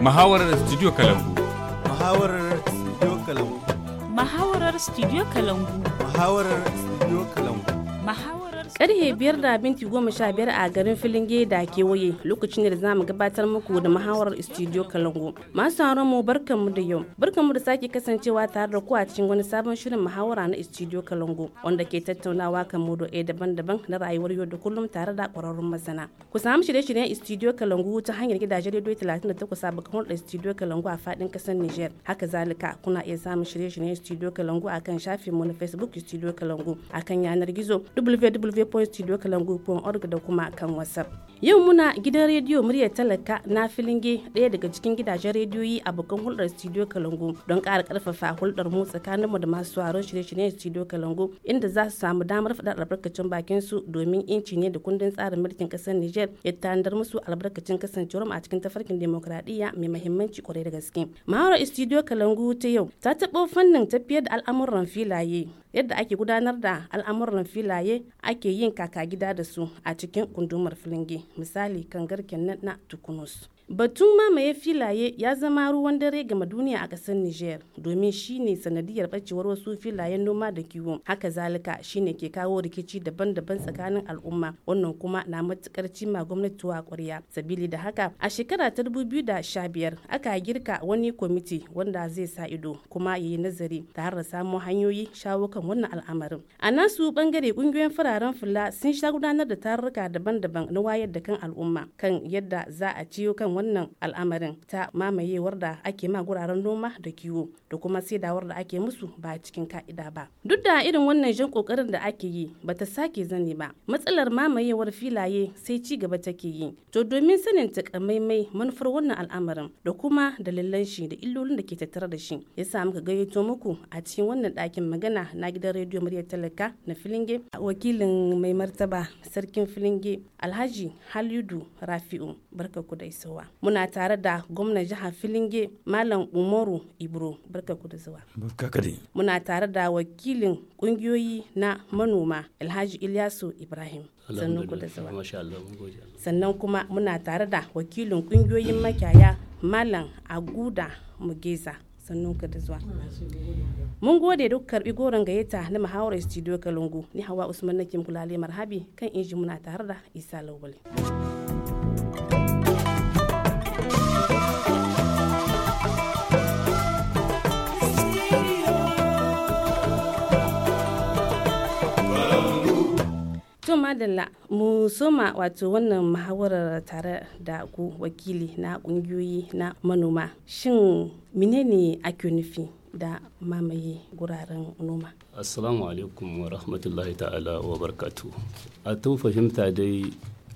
Mahawarar Studio Kalangu. Mahawarar Studio Kalangu. Mahawarar Studio Kalangu. Mahawarar Studio Kalangu. Muhawarar karhe biyar da binti goma sha biyar a garin filinge da kewaye lokacin da za mu gabatar muku da muhawarar studio kalango masu haron mu mu da yau barkan mu da sake kasancewa tare da ku a cikin wani sabon shirin muhawara na studio kalango wanda ke tattaunawa kan mudoe daban-daban na rayuwar yau da kullum tare da kwararrun masana ku samu shirye-shiryen studio kalango ta hanyar gidajen radio 38 a bakon da studio kalango a fadin kasar niger haka zalika kuna iya samun shirye-shiryen studio kalango akan shafin mu na facebook studio kalango akan yanar gizo www www.studiokalangu.org da kuma kan whatsapp yau muna gidan rediyo murya talaka na filinge ɗaya daga cikin gidajen rediyoyi a bukan hulɗar studio kalangu don ƙara ƙarfafa hulɗar mu tsakaninmu da masu sauraron shirye-shiryen studio kalangu inda za su samu damar faɗar albarkacin bakin su domin inci ne da kundin tsarin mulkin ƙasar niger ya tanadar musu albarkacin kasancewar a cikin tafarkin demokradiyya mai mahimmanci kwarai da gaske mahaurar studio kalangu ta yau ta taɓo fannin tafiyar da al'amuran filaye yadda ake gudanar da al'amuran filaye ake yin kaka gida da su a cikin kundumar filinge misali kan garken na tukunus Batun mamaye filaye ya zama ruwan dare gama duniya a ƙasar Nijar domin shine sanadiyar bacewar wasu filayen noma da kiwo. Haka zalika shine ke kawo rikici daban-daban tsakanin al'umma wannan kuma na matukar cima gwamnati wa ƙwarya. Sabili da haka a shekara ta biyar aka girka wani kwamiti wanda zai sa ido kuma yayi nazari tare da samun hanyoyi shawo kan wannan al'amarin. A nasu bangare kungiyoyin fararen fula sun sha gudanar da tarurruka daban-daban na wayar da kan al'umma kan yadda za a ciyo kan wannan al'amarin ta mamayewar da ake ma guraren noma da kiwo da kuma saidawar da ake musu ba cikin ka'ida ba duk da irin wannan jin kokarin da ake yi ba ta sake zane ba matsalar mamayewar filaye sai ci gaba take yi to domin sanin takamaimai manufar wannan al'amarin da kuma dalilan shi da illolin da ke tattare da shi yasa muka gayyato muku a cikin wannan ɗakin magana na gidan rediyo muryar talaka na filinge wakilin mai martaba sarkin filinge alhaji halidu rafi'u barka ku da isowa muna tare da gwamnan jihar filinge malam umaru ibro barka ku da zuwa muna tare da wakilin kungiyoyi na manoma alhaji ilyasu ibrahim sannan ku da zuwa sannan kuma muna tare da wakilin kungiyoyin makiyaya malam aguda mugeza sannan ka da zuwa mun gode duk karbi goron gayyata na mahawar studio kalungu ni hawa usman nake kula marhabi kan inji muna tare da isa lawale madalla mu soma wato wannan muhawarar tare da ku wakili na kungiyoyi na manoma shin menene ake nufi da mamaye guraren noma. Assalamu alaikum wa rahmatullahi ta'ala wa barkatu. A tun fahimta dai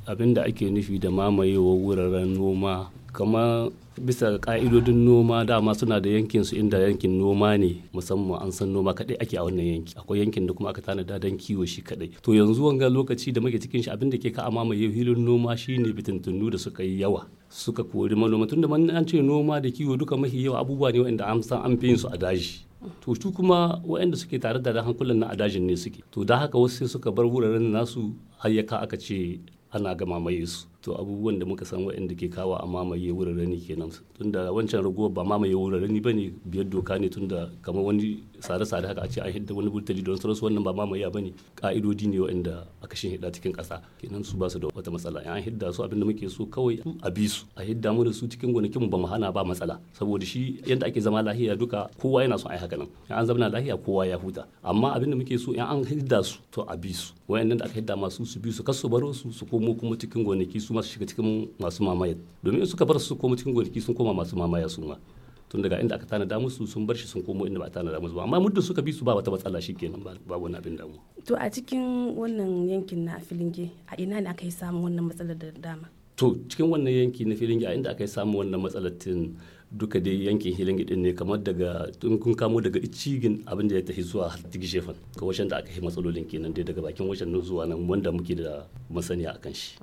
abinda ake nufi da mamayewar wuraren noma kamar bisa ka'idodin noma dama suna da yankin su inda yankin noma ne musamman an san noma kadai ake a wannan yanki akwai yankin da kuma aka tanada dan kiwo shi kadai to yanzu wanga lokaci da muke cikin shi abin da ke ka mamaye hilin noma shine fitintunu da suka yi yawa suka kori manoma tunda man an ce noma da kiwo duka mafi yawa abubuwa ne wanda an san an fi yin su a daji to su kuma waɗanda suke tare da hankulan na a dajin ne suke to da haka wasu suka bar wuraren nasu hayyaka aka ce ana gama mai su to abubuwan da muka san waɗanda ke kawo a mamaye wurare rani kenan tunda wancan ragowar ba mamaye wurare ne ba ne biyar doka ne tunda kamar wani sare-sare haka a ce an hidda wani burtali don sauransu wannan ba mamaye ba ne ka'idodi ne wa'anda aka shi hidda cikin kasa. kenan su ba su da wata matsala an hidda su abinda muke so kawai a bi su a hidda mu da su cikin gonakin ba mu hana ba matsala saboda shi yadda ake zama lahiya duka kowa yana so ai haka nan an zama lahiya kowa ya huta amma abinda muke so in an hidda su to a bi su wa'annan da aka hidda masu su bi su kar su baro su su komo kuma cikin gonaki su ma su shiga cikin masu mamaya domin in suka bar su komo cikin gonaki sun koma masu mamaya su ma tun daga inda aka tanada musu sun bar shi sun komo inda ba tanada musu ba amma muddin suka bi su ba wata matsala kenan ba wani abin damu to a cikin wannan yankin na filinge a ina ne aka yi samun wannan matsalar da dama to cikin wannan yanki na filinge a inda aka yi samun wannan matsalar tin duka dai yankin hilingi din ne kamar daga tun kun kamo daga icigin abin da ya tafi zuwa tigi shefan ka wajen da aka yi matsalolin kenan dai daga bakin wajen nan zuwa nan wanda muke da masaniya akan shi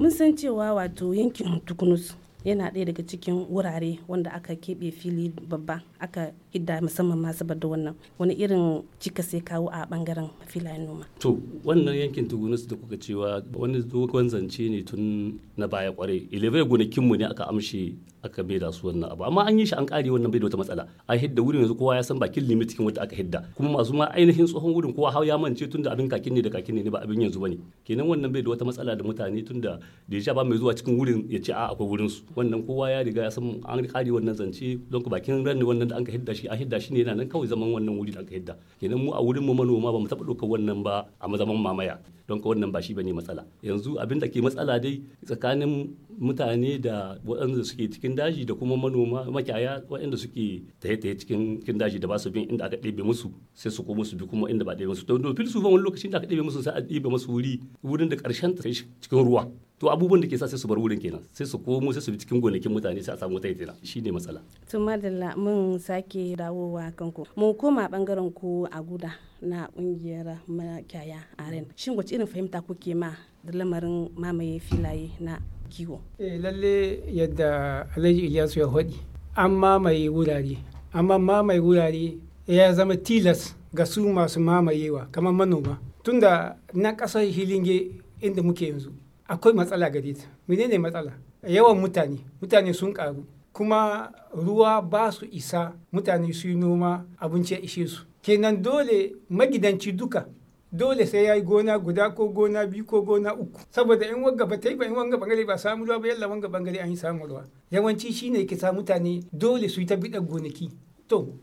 mun san cewa wato yankin tukunus yana ɗaya daga cikin wurare wanda aka keɓe fili babba aka hidda musamman ma da wannan wani irin cika sai kawo a ɓangaren filayen noma to wannan yankin tugunus da kuka cewa wani dogon zance ne tun na baya kwarai Ilebe gonakinmu ne aka amshe aka bai da su wannan abu amma an yi shi an kare wannan bai da wata matsala a hidda wurin yanzu kowa ya san bakin limit cikin wanda aka hidda kuma masu ma ainihin tsohon wurin kowa hau ya mance tunda abin kakin ne da kakin ne ba abin yanzu bane kenan wannan bai da wata matsala da mutane tunda da ya ba mai zuwa cikin wurin ya ce a akwai wurin su wannan kowa ya riga ya san an kare wannan zance don ku bakin ran wannan da aka hidda shi a hidda shi ne yana nan kawai zaman wannan wuri da aka hidda kenan mu a wurin mu manoma ba mu taɓa ɗaukar wannan ba a zaman mamaya don ka wannan ba shi bane matsala yanzu abin da ke matsala dai tsakanin mutane da waɗanda suke cikin daji da kuma manoma makiyaya waɗanda suke ta taye cikin daji da ba su bin inda aka ɗebe musu sai su koma su bi kuma inda ba ɗebe musu don fil su wani lokacin da aka ɗebe musu sai a ɗebe musu wuri wurin da ƙarshen ta cikin ruwa to abubuwan da ke sa sai su bar wurin kenan sai su komo sai su bi cikin gonakin mutane sai a samu wata yatsira shine matsala to madalla mun sake dawowa kanku mu koma bangaren ku a guda na kungiyar makiyaya aren shin wace irin fahimta kuke ma da lamarin mamaye filaye na kiwo eh, lalle yadda alhaji ilyasu ya faɗi an mamaye wurare amma mamaye wurare ya zama tilas ga su masu mamayewa kamar manoma tunda na ƙasar hilinge inda muke yanzu akwai matsala gare ta menene matsala yawan mutane mutane sun ƙaru kuma ruwa ba su isa mutane su yi noma abinci ya ishe su kenan dole magidanci duka dole sai ya yi gona guda ko gona biyu ko gona uku saboda in wanga ba ta yi ba in wanga bangare ba samu ruwa ba yalla wanga bangare an yi samu ruwa yawanci shine ke sa mutane dole su yi ta biɗa gonaki to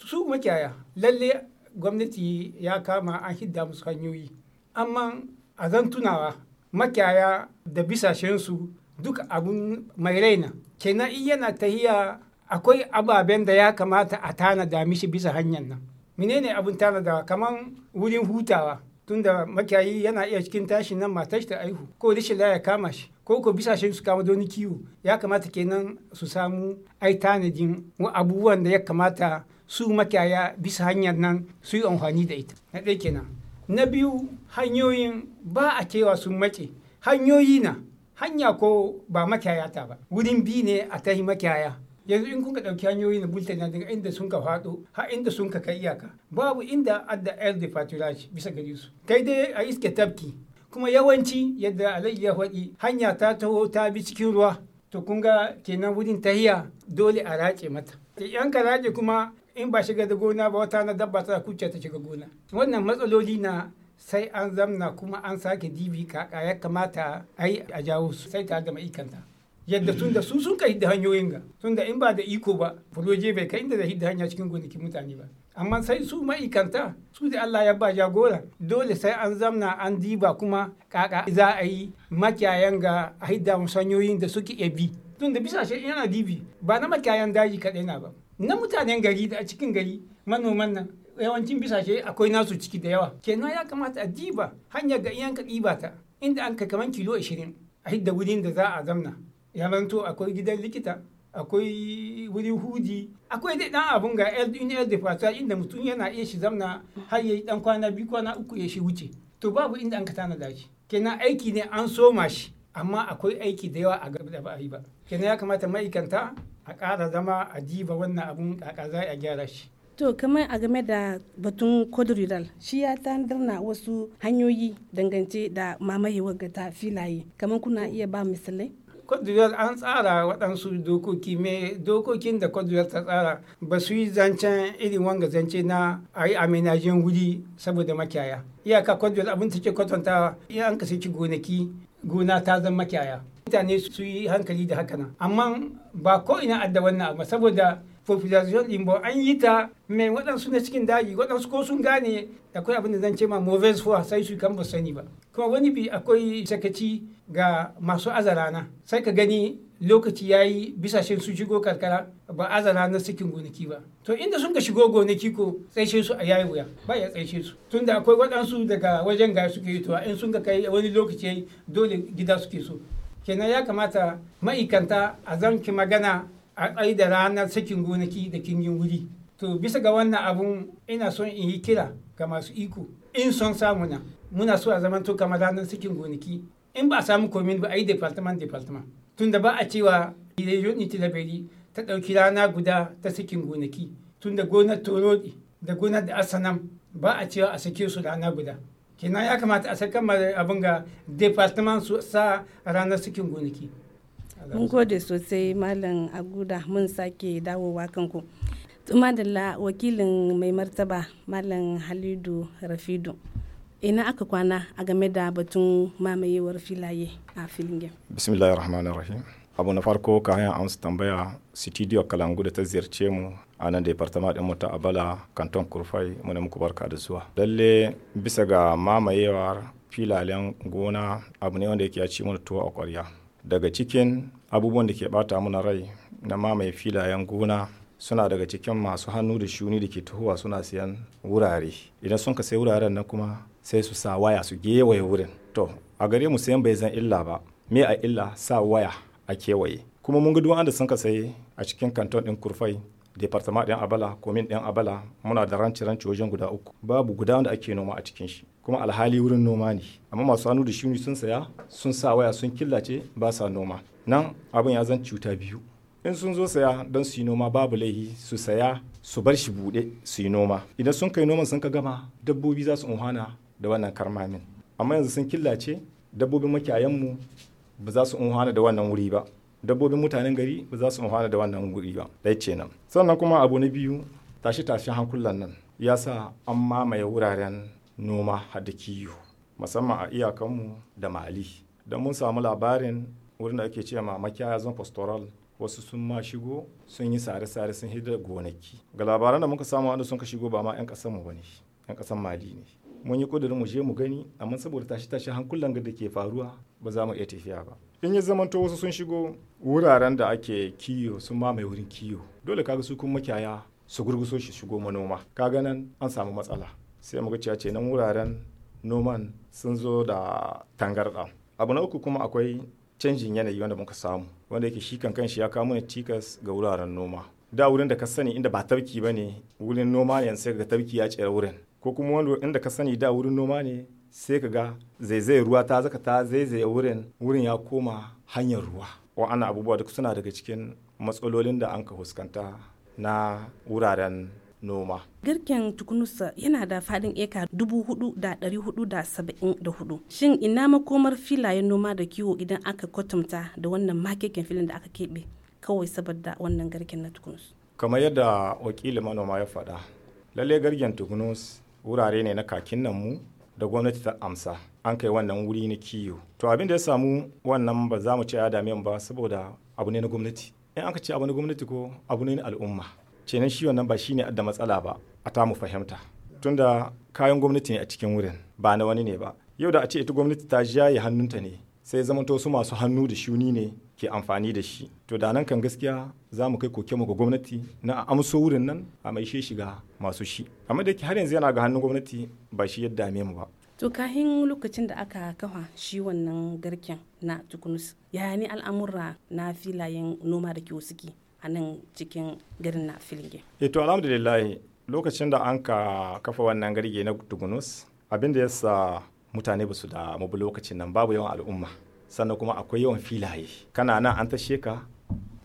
su makiyaya lalle gwamnati ya kama an hidda musu hanyoyi amma a zan tunawa makiyaya da bisashensu duk abun mai raina kenan in yana tahiya akwai ababen da ya kamata a tana da mishi bisa hanyar nan menene abin da kaman wurin hutawa tunda makiyayi yana iya cikin tashin nan matashi ta aihu ko rashin laya kama shi ko ko bisa shi su kama doni kiwo ya kamata kenan su samu ai tanadin abubuwan da ya kamata su makiyaya bisa hanyar nan su yi amfani da ita na ɗaya kenan na biyu hanyoyin ba a kewa sun mace hanyoyi na hanya ko ba makiyaya ta ba wurin bi ne a tahi makiyaya yanzu in kun ka ɗauki hanyoyi na bulta na daga inda sun ka faɗo har inda sun ka kai iyaka babu inda adda air da faturage bisa gari su kai dai a iske tabki. kuma yawanci yadda alayya ya faɗi hanya ta taho ta bi cikin ruwa to kun ga kenan wurin tahiya dole a race mata yan ka race kuma in ba shiga da gona ba wata na dabba ta kuce ta shiga gona wannan matsaloli na sai an zamna kuma an sake dibi kaka ya kamata a yi a jawo su sai ta da ma'ikanta yadda sun da su sun ka hidda hanyoyin ga tun da in ba da iko ba furoje bai kai inda da hidda hanya cikin gonaki mutane ba amma sai su ma'aikanta su da Allah ya ba jagora dole sai an zamna an diba kuma kaka za a yi makiyayan ga a hidda musanyoyin da suke bi tun da bisa yana dibi ba na makiyayan daji kaɗai na ba na mutanen gari da a cikin gari manoman nan yawancin bisashe akwai nasu ciki da yawa kenan ya kamata a diba hanyar ga iyan ka ɗiba ta inda an ka kaman kilo ashirin a hidda wurin da za a zamna ya zanto akwai gidan likita akwai wuri hudi akwai dai dan abun ga in el inda mutum yana iya shi zamna har yayi dan kwana biyu kwana uku ya shi wuce to babu inda an ka tanada shi kenan aiki ne an soma shi amma akwai aiki da yawa a gaba da ba a yi ba kenan ya kamata ma'aikanta a ƙara zama a diba wannan abun a za a gyara shi to kamar a game da batun code shi ya na wasu hanyoyi dangance da mamayewar ga ta filaye kamar kuna iya ba misalai kwadiyar an tsara waɗansu dokoki me dokokin da kwadiyar ta tsara ba su yi zancen irin wanga zance na a yi amenajen wuri saboda makiyaya iyaka kwadiyar abin take kwatanta in an kasance gonaki gona ta zama makiyaya mutane su yi hankali da haka nan amma ba ko ina adda wannan abu saboda population din bo an yi ta mai waɗansu na cikin daji waɗansu ko sun gane akwai abin da zan ce ma mauvaise foi sai su kan ba sani ba kuma wani bi akwai sakaci ga masu azarana sai ka gani lokaci ya yi bisashen su shigo karkara ba azara na sikin gonaki ba to inda sun ka shigo gonaki ko tsaishe su a yayi wuya ba ya tsaishe su tunda akwai waɗansu daga wajen ga suke yi to in sun ka kai wani lokaci dole gida suke so kenan ya kamata ma'aikanta a zanki magana a tsaye da ranar sakin gonaki da kingin wuri to bisa ga wannan abun ina son in yi kira ga masu iko in son samu na muna so a zaman to kamar ranar sakin gonaki in ba a samu komin ba a yi department department tunda ba a cewa region itilaberi ta ɗauki rana guda ta sakin gonaki tunda gonar torodi da gonar da asanam ba a cewa a sake su rana guda kenan ya kamata a sakan abin ga department su sa ranar sakin gonaki mun gode sosai malam aguda mun sake dawowa kanku la wakilin mai martaba malam halidu rafidu ina aka kwana a game da batun mamayewar filaye a filin bismillahir rahmanir rahim abu na farko kayan amsa tambaya studio kalangu da ta ziyarce mu a nan departement mutu a abala kanton kurfai muna muku barka da zuwa lalle bisa ga mamayewar filalen gona abu ne wanda yake ya ci mana tuwo a kwarya daga cikin abubuwan da ke bata mana rai na mamaye filayen gona suna daga cikin masu hannu da shuni da ke tuhuwa suna siyan wurare idan sun ka sai wuraren na kuma sai su sa waya su gewaye wurin to a gare mu sayan bai zan illa ba me a illa sa waya a kewaye kuma mun ga duk da sun ka sai a cikin kanton din kurfai departement ɗin abala komin ɗin abala muna da ranci ranci wajen guda uku babu guda wanda ake noma a cikin shi kuma alhali wurin noma ne amma masu hannu da shuni sun saya sun sa waya sun killace ba sa noma nan abin ya zan cuta biyu in sun zo saya don su yi noma babu laihi su saya su bar shi bude su yi noma idan sun kai noman sun ka gama dabbobi za su unhana da wannan karmamin amma yanzu sun killace dabbobin makiyayanmu ba za su unhana da wannan wuri ba dabbobin mutanen gari ba za su unhana da wannan wuri ba dai ce nan sannan kuma abu na biyu tashi tashi hankulan nan ya sa an mamaye wuraren noma da kiyo musamman a iyakanmu da mali don mun samu labarin wurin da ake cewa ya zama pastoral wasu sun ma shigo sun yi sare-sare sun hidda gonaki ga labaran da muka samu wanda sun ka shigo ba ma 'yan kasan mu bane 'yan kasan mali ne mun yi kudurin mu je mu gani amma saboda tashi-tashi hankulan da ke faruwa ba za mu iya tafiya ba in ya zamanto wasu sun shigo wuraren da ake kiyo sun mamaye wurin kiyo dole kaga su kun makiyaya su gurguso shi shigo manoma kaga nan an samu matsala sai muga cewa ce nan wuraren noman sun zo da tangarɗa abu na uku kuma akwai canjin yanayi wanda muka samu wanda yake shi kan kanshi ya kawo mana cikas ga wuraren noma da wurin da ka sani inda ba tabki ba ne wurin noma ne sai ga tabki ya tsere wurin ko kuma wanda inda ka sani da wurin noma ne sai ka ga zaizayar ruwa ta zaka ta zaizaye wurin wurin ya koma hanyar ruwa wa'ana abubuwa duk suna daga cikin matsalolin da an ka fuskanta na wuraren noma. girken tukunusa yana da faɗin eka dubu hudu da da da dari hudu hudu. saba'in Shin ina makomar filayen noma da kiwo idan aka kwatanta da wannan makekin filin da aka keɓe kawai saboda wannan garken na tukunus? Kamar yadda wakilin manoma ya faɗa, lalle garken tukunus wurare ne na kakin nan mu da gwamnati ta amsa an kai wannan wuri na kiwo. To abin da ya samu wannan ba za mu ce ya dame ba saboda abu ne na gwamnati. In aka ce abu na gwamnati ko abu ne na al'umma. kenan shi wannan ba shi ne da matsala ba a ta mu fahimta tunda kayan gwamnati ne a cikin wurin ba na wani ne ba yau da a ce ita gwamnati ta jaye hannunta ne sai zamanto su masu hannu da shuni ne ke amfani da shi to da nan kan gaskiya za mu kai koke mu ga gwamnati na a amso wurin nan a mai she shiga masu shi amma da har yanzu yana ga hannun gwamnati ba shi yadda dame mu ba to kahin lokacin da aka kafa shi wannan garken na tukunus yaya ne al'amura na filayen noma da kiwo suke a nan cikin garin na filinge. Eh to alhamdulillah lokacin da an ka kafa wannan garge na dugunus abin da ya sa mutane basu su da mabu lokacin nan babu yawan al'umma sannan kuma akwai yawan filaye kana nan an tashe ka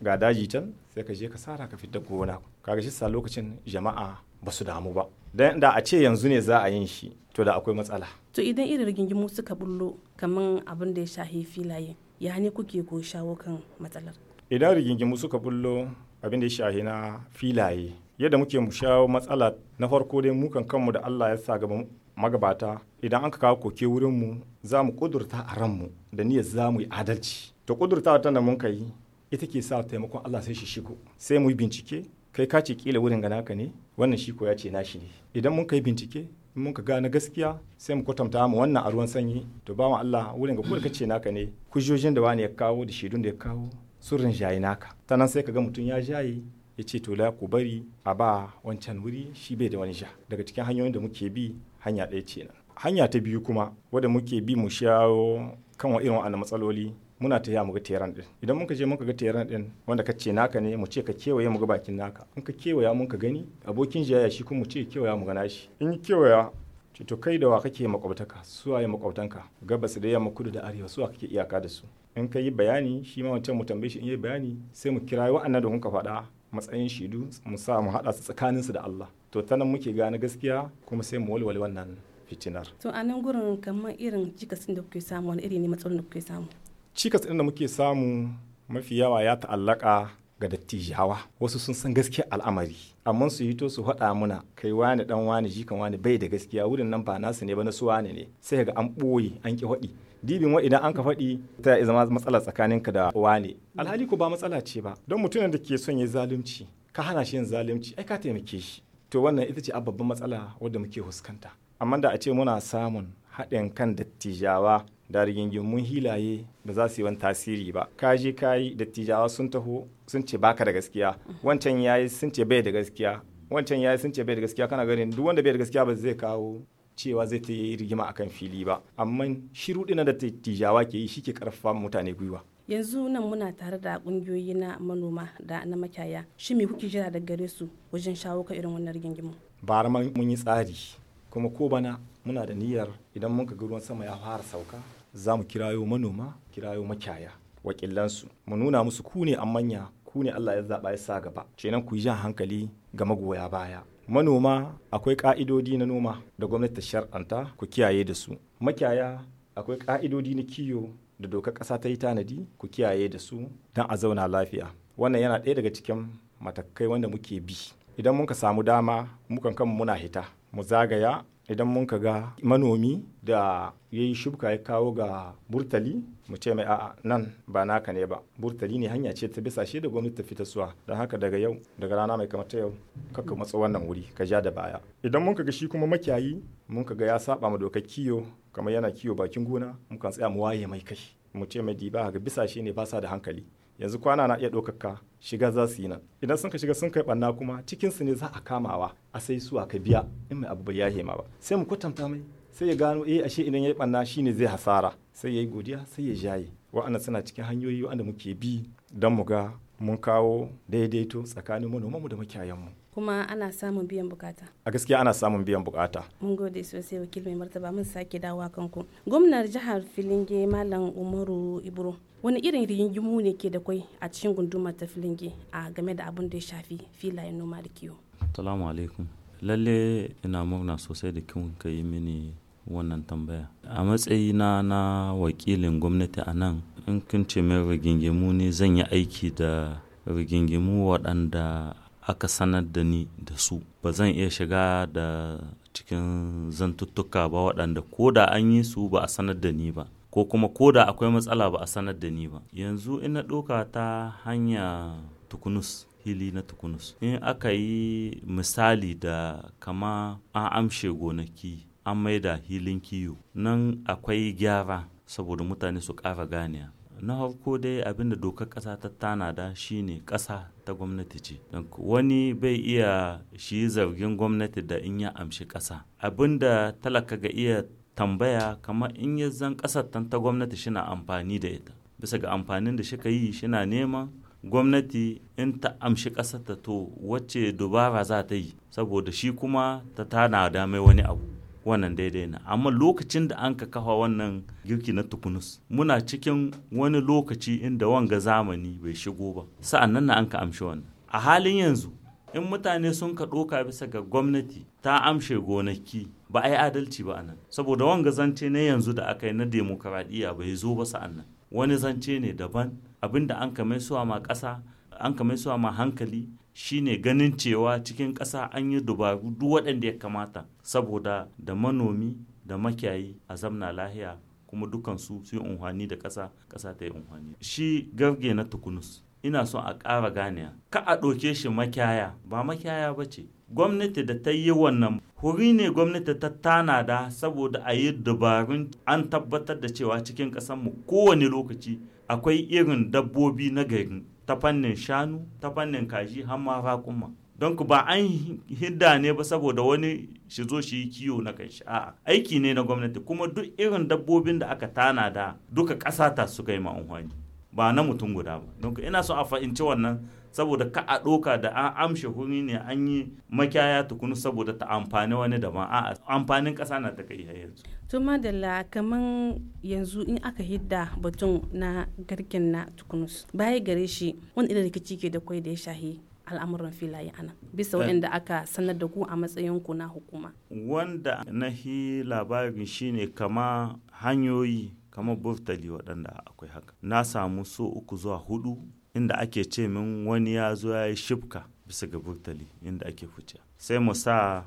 ga daji can sai ka je ka sara ka fitar gona kaga shi sa lokacin jama'a basu su damu ba dan da a ce yanzu ne za a yin shi to da akwai matsala to idan irin rigingimu suka bullo kaman abin da ya shahi filaye ya ne kuke ko shawo kan matsalar idan rigingimu suka bullo abin da ya shahi na filaye yadda muke mu shawo matsala na farko dai mukan kanmu da Allah ya sa gaba magabata idan an ka kawo koke wurin mu za mu kudurta a ranmu da niyyar za mu yi adalci to kudurta ta da mun kai ita ke sa taimakon Allah sai shi shigo sai mu bincike kai ka ce kila wurin ga naka ne wannan shi ko ya ce nashi ne idan mun kai bincike mun ka gane gaskiya sai mu kwatanta mu wannan a ruwan sanyi to ba bawan Allah wurin ga kuka ce naka ne kujojin da wani ya kawo da shaidun da ya kawo Surin rinjaye naka ta sai ka ga mutum ya jaye ya ce to la ku bari a ba wancan wuri shi bai da wani sha daga cikin hanyoyin da muke bi hanya ɗaya ce nan hanya ta biyu kuma wadda muke bi mu shawo kan wa irin wa'annan matsaloli muna ta mu ga teran din idan muka je muka ga teran din wanda ka ce naka ne mu ce ka kewaye mu ga bakin naka in ka kewaya mun ka gani abokin jiyaya shi kuma mu ce kewaya mu ga nashi in kewaya ce to kai da wa kake makwabtaka su waye makwabtanka gabas da yamma kudu da arewa su kake iyaka da su in ka yi bayani shi ma wancan mu tambaye shi in yi bayani sai mu kira wa'annan da kuka faɗa matsayin shaidu mu sa mu haɗa su tsakaninsu da Allah to ta nan muke gane gaskiya kuma sai mu walwale wannan fitinar to a nan gurin kamar irin cikasin da kuke samu wani iri ne matsalolin da kuke samu cikas ɗin da muke samu mafi yawa ya ta'allaka ga dattijawa wasu sun san gaskiya al'amari amma su yi to su haɗa muna kai wani dan wani jikan wani bai da gaskiya wurin nan ba nasu ne ba na su wani ne sai ga an ɓoye an ki haɗi dibin wa idan an ka faɗi ta zama matsala tsakaninka da wani alhali ko ba matsala ce ba don mutumin da ke son ya zalunci ka hana shi yin zalunci ai ka taimake shi to wannan ita ce babban matsala wadda muke fuskanta. amma da a ce muna samun haɗin kan dattijawa da rigingimun hilaye ba za su yi wani tasiri ba ka je ka yi dattijawa sun taho sun ce baka da gaskiya wancan yayi sun ce bai da gaskiya wancan yayi sun ce bai da gaskiya kana ganin duk wanda bai da gaskiya ba zai kawo cewa zai ta yi rigima kan fili ba amma shiru ɗin da dattijawa ke yi shike karfafa mutane gwiwa yanzu nan muna tare da ƙungiyoyi na manoma da na makiyaya shi me kuke jira da gare su wajen shawo kan irin wannan rigingimu bara mun yi tsari kuma ko bana muna da niyyar idan mun ga ruwan sama ya fara sauka za mu kirayo manoma kirayo makyaya wakilansu mu nuna musu ku ne an manya ku ne Allah ya zaba ya sa gaba kenan ku yi jan hankali ga magoya baya manoma akwai ka'idodi na noma da gwamnati ta shar'anta ku kiyaye da su makyaya akwai ka'idodi na kiyo da dokar ƙasa ta yi tanadi ku kiyaye da su don a zauna lafiya wannan yana ɗaya daga cikin matakai wanda muke bi idan muka samu dama mukan kan muna hita mu zagaya idan mun ka ga manomi da ya yi shubka ya kawo ga burtali mu ce mai a'a nan ba naka ne ba burtali ne hanya ce ta bisa shi da gwamnati ta fita suwa don haka daga yau daga rana mai kamar ta yau kaka matsa wannan wuri ka ja da baya idan mun ga shi kuma makiyayi mun ga ya saba ma dokar kiyo kamar yana kiyo bakin gona mukan tsaya mu waye mai kai mu ce mai diba ga bisa shi ne ba sa da hankali yanzu kwana na iya ɗaukaka shiga za su yi nan idan sun ka shiga sun kai ɓanna kuma cikin su ne za a kamawa a sai su ka biya in mai abu bai yahe ma ba sai mu kwatanta mai sai ya gano eh ashe idan ya yi ɓanna shine zai hasara sai ya yi godiya sai ya jaye wa'annan suna cikin hanyoyi wa'anda muke bi don mu ga mun kawo daidaito tsakanin mu da makiyayanmu kuma ana samun biyan bukata. A gaskiya ana samun biyan bukata. Mun gode sosai wakil mai martaba mun sake dawowa kanku. Gwamnar jihar Filinge Malam Umaru Ibro. Wani irin rigingimu ne ke da kwai a cikin gundumar ta Filinge a game da abin da ya shafi filayen noma da kiwo. Assalamu alaikum. Lalle ina murna sosai da kin ka yi mini wannan tambaya. A matsayina na wakilin gwamnati a nan in kin ce min rigingimu ne zan yi aiki da rigingimu waɗanda aka sanar da ni da su ba zan iya shiga da cikin zantuttuka ba waɗanda ko da an yi su ba a sanar da ni ba ko kuma ko da akwai matsala ba a sanar da ni ba yanzu ina ɗauka ta hanya tukunus hili na tukunus in aka yi misali da kama an amshe gonaki an maida hilin kiyo nan akwai gyara saboda mutane su ƙara ganiya na farko dai abinda dokar ƙasa ta tanada shine ƙasa ta gwamnati ce wani bai iya shi zargin gwamnati da in ya amshi ƙasa abinda talaka ga iya tambaya kamar in ya zan ƙasar ta gwamnati shina amfani da ita bisa ga amfanin da shika yi shina neman gwamnati in ta amshi ƙasar ta to wacce dubara za ta yi saboda shi kuma ta tana da mai wani abu wannan daidai na amma lokacin da an ka kafa wannan girki na tukunus muna cikin wani lokaci inda wanga zamani bai shigo ba sa'an nan na an ka amshi wannan a halin yanzu in mutane sun ka ɗoka bisa ga gwamnati ta amshe gonaki ba a yi adalci ba anan saboda wanga zance na yanzu da aka yi na demokaradiyya bai zo ba sa'an nan wani zance ne daban abinda an ka mai suwa ma ƙasa an ka mai suwa ma hankali shine ganin cewa cikin ƙasa an yi dubaru duk waɗanda ya kamata saboda da manomi da makiyayi a zamna lahiya kuma dukansu su yi unhwani da ƙasa ƙasa ta yi unhwani shi garge na tukunus ina so a ƙara ganiya ka a ɗauke shi makiyaya ba makiyaya ba ce gwamnati da ta yi wannan huri ne gwamnati ta tana da saboda a yi dabarun an tabbatar da cewa cikin ƙasanmu kowane lokaci akwai irin dabbobi na gari ta fannin shanu ta fannin kaji har ma raƙuma don ba an hidda ne ba saboda wani shi zo shi kiwo na kanshi a'a aiki ne na gwamnati kuma duk irin dabbobin da aka tana da duka ƙasa ta su kai ma'unhwani ba na mutum guda ba don ina so a fahimci wannan saboda ka a ɗoka da an amshe huni ne an yi makiyaya tukunu saboda ta amfani wani da ma amfanin ƙasa na ta kai yanzu. to madalla kaman yanzu in aka hidda batun na garkin na tukunu baya gare shi wani irin rikici ke da kwai da ya shahi al'amuran filaye ana bisa eh. waɗanda aka sanar da ku a matsayin ku na hukuma. wanda na hi labarin shine kama hanyoyi kama burtali waɗanda akwai haka na samu so uku zuwa hudu inda ake ce min wani ya zo ya yi shifka bisa ga burtali inda ake fice sai mu sa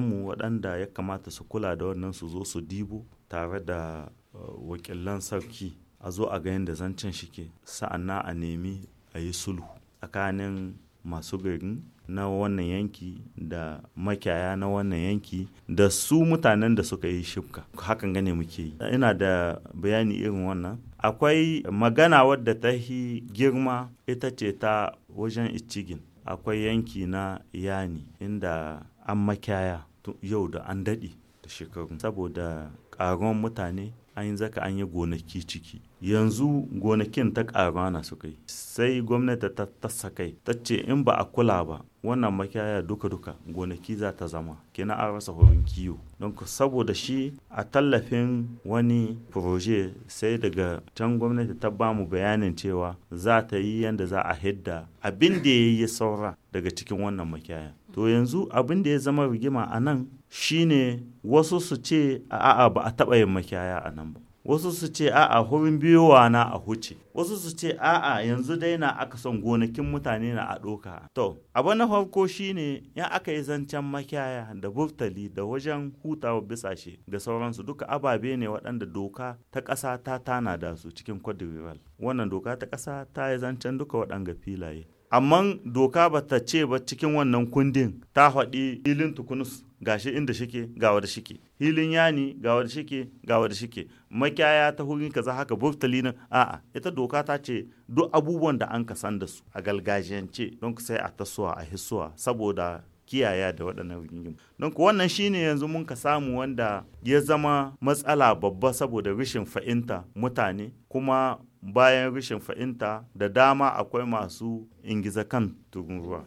mu waɗanda ya kamata su kula da wannan su zo su dibo tare da eh, wakilan sarki a zo a ga yadda zancen shike sa'annan a nemi a yi sulhu tsakanin masu garin na wannan yanki da makiyaya na wannan yanki da su mutanen da suka yi shifka hakan gane muke yi ina da bayani irin wannan akwai magana wadda ta hi girma ita ce ta wajen icigin akwai yanki na yani inda an makyaya yau da an daɗe da shekaru saboda ƙaruwan mutane an yi zaka an yi gonaki ciki yanzu gonakin ta na su kai sai gwamnati ta tasa kai ta ce in ba a kula ba wannan makyaya duka-duka gonaki za ta zama kina an rasa horin kiwo don saboda shi a tallafin wani proje sai daga can gwamnati ta ba mu bayanin cewa za ta yi yadda za a hidda abin da ya yi saura daga cikin wannan makiyaya to yanzu abin da ya zama rigima a nan shi ne wasu su ce a'a ba a taɓa yin makiyaya a nan ba wasu su ce a'a hurin biyowa na a huce wasu su ce a'a yanzu dai na aka son gonakin mutane na a ɗoka to abu na farko shine ya aka yi zancen makiyaya da burtali da wajen hutawa bisashe da sauransu duka ababe ne waɗanda doka ta ƙasa ta tana da su cikin kwadiviral wannan doka ta ƙasa ta yi zancen duka waɗanga filaye amma doka ba ta ce ba cikin wannan kundin ta faɗi filin tukunus gashi inda shike ga wada shike hilin yani ga wada shike ga wada shike makiyaya ta hurin kaza haka buftalinin a'a ita doka ta ce duk abubuwan da an san da su a galgajiyance don sai a tasowa a hisuwa saboda kiyaya da waɗannan rigingimu don ku wannan shine yanzu mun ka samu wanda ya zama matsala babba saboda rashin fahimta mutane kuma bayan rashin fahimta da dama akwai masu ingiza kan tururuwa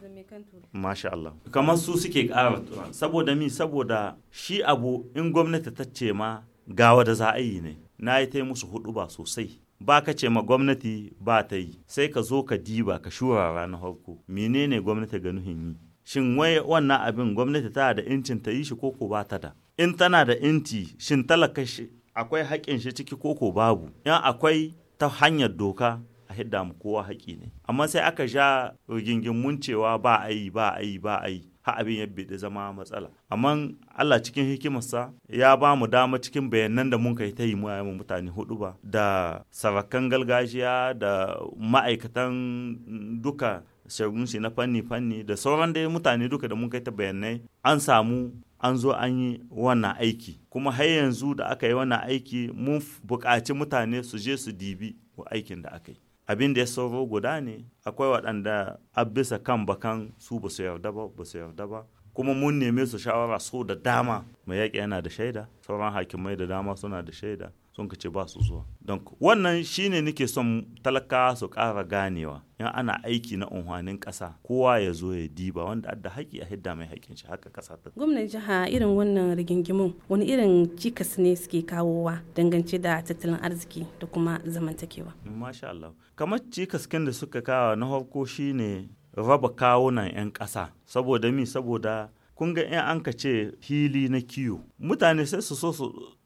masha Allah kamar su suke ƙara saboda mi saboda shi abu in gwamnati ta ce ma gawa da za a yi ne na yi ta musu hudu ba sosai ba ka ce ma gwamnati ba ta yi sai ka zo ka diba ka shurara na farko menene gwamnati ga nuhin yi shin wai wannan abin gwamnati tana da incin ta yi shi koko ba ta da in tana da inci shin talaka shi akwai haƙin shi ciki koko babu in akwai ta hanyar doka a hidda mu kowa haƙi ne amma sai aka sha rigingimun cewa ba a yi ba a yi ba a yi har abin ya da zama matsala amma Allah cikin hikimarsa ya ba mu dama cikin bayanan da mun kai ta yi mu mutane hudu ba da sarakan galgajiya da ma'aikatan duka shagun shi na fanni-fanni da sauran dai mutane duka da mun kai ta bayanai an samu an zo an yi wannan aiki kuma har yanzu da aka yi wannan aiki mun buƙaci mutane su je su dibi wa aikin da aka yi abin da ya sauro guda ne akwai waɗanda a kan bakan su ba su yarda ba ba su yarda ba kuma mun neme su shawara su da dama mai yaƙi yana da shaida sauran hakimai da dama suna da shaida sun ka ce ba su zuwa don wannan shine nake son talaka su ƙara ganewa in ana aiki na unhwanin ƙasa kowa ya zo ya diba wanda adda haƙi a hidda mai haƙin shi haka ƙasa ta gwamnan jiha irin wannan rigingimun wani irin cikas ne suke kawowa dangance da tattalin arziki da kuma zamantakewa masha Allah kamar cikas cikaskin da suka kawo na farko shine raba kawunan 'yan ƙasa saboda mi saboda kun ga in an ka ce hili na kiyo mutane sai su so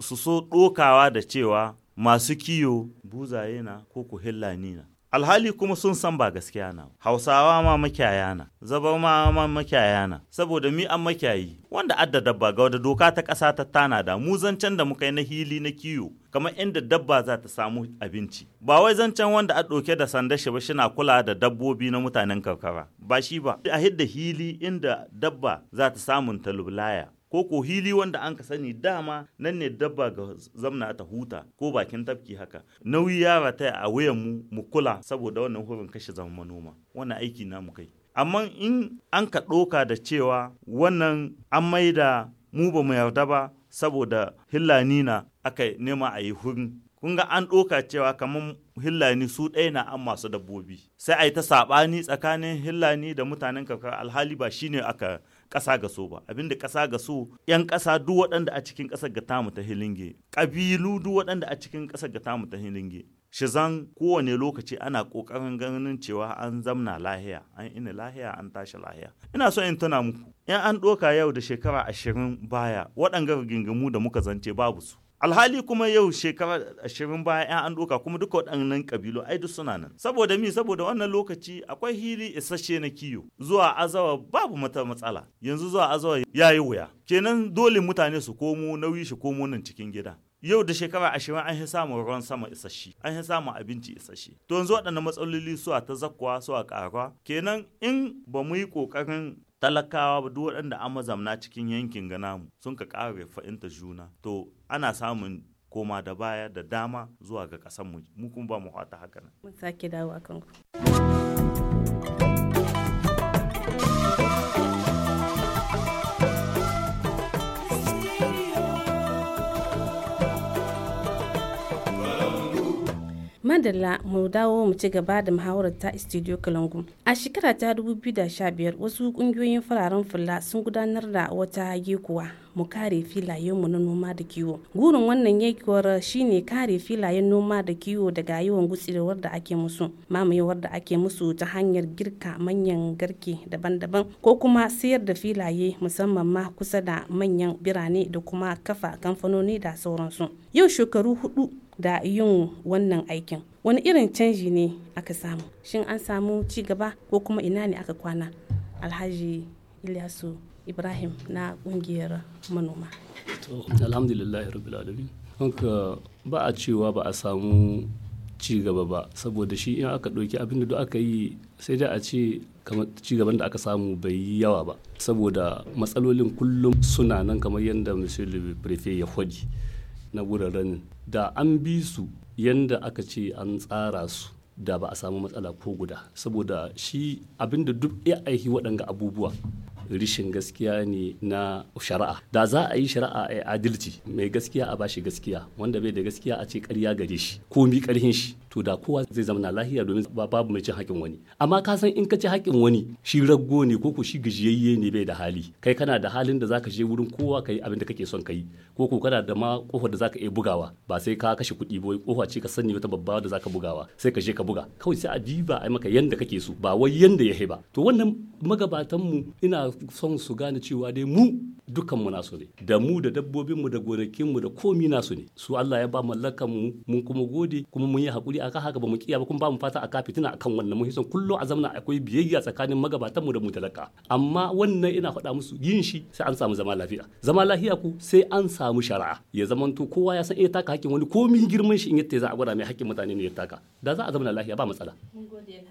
su so ɗokawa da cewa masu kiyo buzaye na ko ku hillani na alhali kuma sun san ba gaskiya na hausawa ma makiyaya na zaba ma ma makiyaya na saboda mi an makiyayi wanda adda dabba ga wadda doka ta ƙasa ta tana da mu zancen da muka yi na hili na kiyo kamar inda dabba za ta samu abinci ba wai zancen wanda a ɗauke da sanda shi ba shina kula da dabbobi na mutanen karkara ba shi ba a hidda hili inda dabba za ta samun ta lublaya ko ko hili wanda an ka sani dama nan ne dabba ga zamna ta huta ko bakin tafki haka nauyi ya rataya a wuyan mu mu kula saboda wannan hurin kashe zama manoma wannan aiki namu kai amma in an ka ɗoka da cewa wannan an maida mu ba mu yarda ba saboda hillani na aka nema a yi hurin kun ga an ɗoka cewa kamar hillani su ɗaya na an masu dabbobi sai a yi ta saɓani tsakanin hillani da mutanen kakar alhali ba shine aka ƙasa ga so ba abinda ƙasa ga so yan ƙasa duk waɗanda a cikin ƙasar ga tamu ta hilinge ƙabilu duk waɗanda a cikin ƙasar ga tamu ta hilinge shi zan kowane lokaci ana ƙoƙarin ganin cewa an zamna lahiya an ina lahiya an tashi lahiya ina so in tuna muku in an ɗoka yau da shekara ashirin baya waɗanga rigingimu da muka zance babu su alhali kuma yau shekara ashirin baya yan an doka kuma duka waɗannan kabilu ai duk suna nan saboda mi saboda wannan lokaci akwai hili isasshe na kiyo zuwa azawa babu mata matsala yanzu zuwa azawa ya yi wuya kenan dole mutane su komo nauyi shi komo nan cikin gida yau da shekara ashirin an yi samun ruwan sama isasshe an yi samun abinci isasshe to yanzu waɗannan matsaloli suwa ta zakkuwa suwa ƙaruwa kenan in ba mu yi ƙoƙarin talakawa ba duk waɗanda an mazamna cikin yankin ga namu sun ka ƙara fa'inta juna to ana samun koma da baya da dama zuwa ga ƙasar mu kuma ba mu hata haka nan. Mun sake dawo a kanku. alhamdulillah mu dawo mu ci gaba da muhawarar ta studio kalangu a shekara ta 2015 wasu kungiyoyin fararen fulla sun gudanar da wata yekuwa mu kare filayenmu na noma da kiwo gurin wannan yekuwar shine kare filayen noma da kiwo daga yawan gutsirewar da ake musu mamayewar da ake musu ta hanyar girka manyan garke daban-daban ko kuma sayar da filaye musamman ma kusa da manyan birane da kuma kafa kamfanoni da sauransu yau shekaru hudu da yin wannan aikin wani irin canji ne aka samu shin an samu ci gaba ko kuma ina ne aka kwana alhaji ilyasu ibrahim na kungiyar manoma to alhamdulillah rabbil alamin ba a cewa ba a samu ci gaba ba saboda shi in aka ɗauki abin da aka yi sai dai a ce kamar ci gaban da aka samu bai yi yawa ba saboda matsalolin kullum suna nan kamar yadda monsieur le prefet ya hoji na wuraren da an bi su yadda aka ce an tsara su da ba a samu matsala ko guda saboda shi abinda duk ya aiki waɗanga abubuwa rishin gaskiya ne na shari'a da za a yi shari'a a adalci mai gaskiya a bashi gaskiya wanda bai da gaskiya a ce ƙarya gare shi komi ƙarhin shi to da kowa zai zama lahiya domin babu mai cin haƙin wani amma ka san in ka ci haƙin wani shi raggo ne ko shi gajiyayye ne bai da hali kai kana da halin da zaka je wurin kowa kai abin da kake son kai ko ko kana da ma kofar da zaka iya bugawa ba sai ka kashe kuɗi ba kofa ce ka sani wata babba da zaka bugawa sai ka je ka buga kawai sai a diba ai maka yanda kake so ba wai yanda ya ba to wannan magabatanmu ina suna son su gane cewa dai mu dukan mu nasu ne da mu da dabbobin mu da gonakin mu da komi nasu ne su Allah ya ba mallakan mu mun kuma gode kuma mun yi hakuri akan haka ba mu kiya ba kuma ba mu fata aka fitina akan wannan mun hisan kullu a akwai biyayya tsakanin magabatan mu da mu talaka amma wannan ina faɗa musu yin shi sai an samu zama lafiya zama lafiya ku sai an samu shari'a ya to kowa ya san iya eh, taka hakkin wani komi girman shi in yatta za a gwada mai hakkin mutane ne ya taka da za a zama lafiya ba matsala mun gode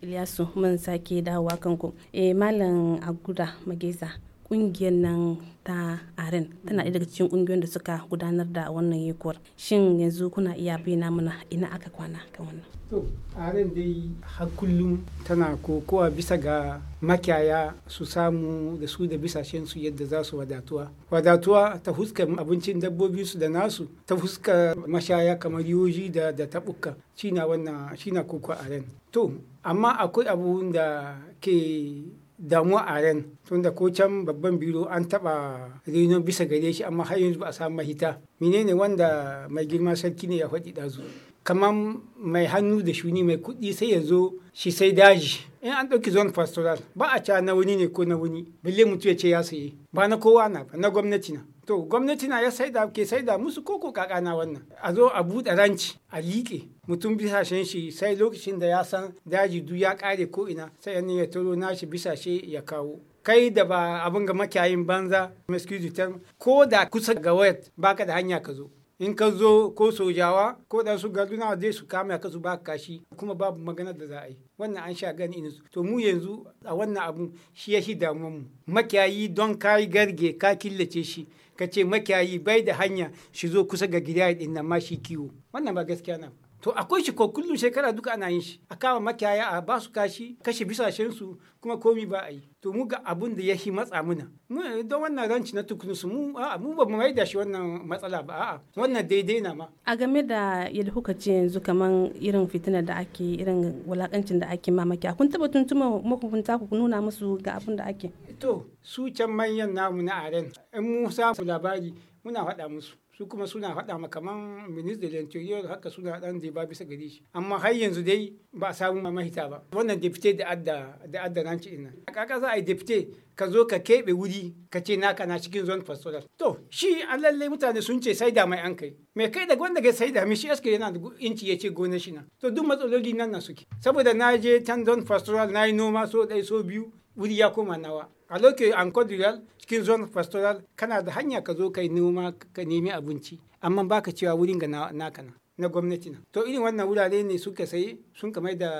Ilyasu mun sake dawowa kanku eh malam Aguda Mageza kungiyar nan ta aren tana da daga cikin kungiyoyin da suka gudanar da wannan yekuwar shin yanzu kuna iya bayyana mana ina aka kwana kan wannan to aren dai har kullum tana kokowa bisa ga makiyaya su samu da su da bisa su yadda za su wadatuwa wadatuwa ta huska abincin dabbobi su da nasu ta huska mashaya kamar yoji da da tabuka na wannan shi na koko aren to amma akwai abubuwan da ke damuwa a ran tunda ko can babban biro an taɓa reno bisa gare shi amma har yanzu ba a samu mahita menene wanda mai girma sarki ne ya faɗi ɗazu kamar mai hannu da shuni mai kuɗi sai ya zo shi sai daji in an ɗauki zone pastoral ba a ca na wani ne ko na wani balle mutu ya ce ya saye ba na kowa na ba na gwamnati na to gwamnati na ya saida ke saida musu koko kakana wannan a zo a buɗe ranci a liƙe mutum bisashen shi sai lokacin da ya san daji du ya ƙare ko ina sai yanni ya turo nashi shi ya kawo kai da ba abin ga makiyayin banza excuse term ko da kusa ga wayar baka da hanya ka zo in ka zo ko sojawa ko da su garduna zai su kama ka su ba kashi kuma babu magana da za a yi wannan an sha gani inu to mu yanzu a wannan abu shi ya shi damuwa mu makiyayi don kayi garge ka killace shi ka ce makiyayi bai da hanya shi zo kusa ga gida ya ɗin nan ma shi kiwo wannan ba gaskiya nan to akwai shi ko kullum shekara duka ana yin shi a kama makiyaya a ba su kashi kashe bisashen su kuma komi ba a yi to mu ga abun da ya shi matsa muna don wannan ranci na tukunsu mu a'a mu ba mu mai da shi wannan matsala ba a'a wannan daidai na ma a game da yalhu ka ce yanzu kaman irin fitinar da ake irin wulakancin da ake mamaki kun taba tuntuma mahukunta ku nuna musu ga abun da ake to su can manyan namu na aren in mu samu labari muna faɗa musu su kuma suna haɗa ma kaman ministre de l'interieur haka suna ɗan ba bisa gari shi amma har yanzu dai ba a samu mahita ba wannan depute da adda da adda ranci din nan kaka za a yi ka zo ka keɓe wuri ka ce na kana cikin zone pastoral to shi an lalle mutane sun ce sai da mai an kai mai kai da wanda kai saida? da shi aske yana da inci ya ce gonar shi na to duk matsaloli nan na suke saboda na je can zone pastoral na yi noma so ɗaya so biyu wuri ya koma nawa a loke an Côte cikin zone pastoral kana da hanya ka zo kai noma ka nemi abinci amma baka cewa wurin ga naka na na gwamnati na to irin wannan wurare ne suka sai sun kamar da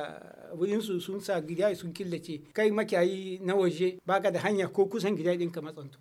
wurin su sun sa gida sun killace kai makiyayi na waje baka da hanya ko kusan gida din ka matsanto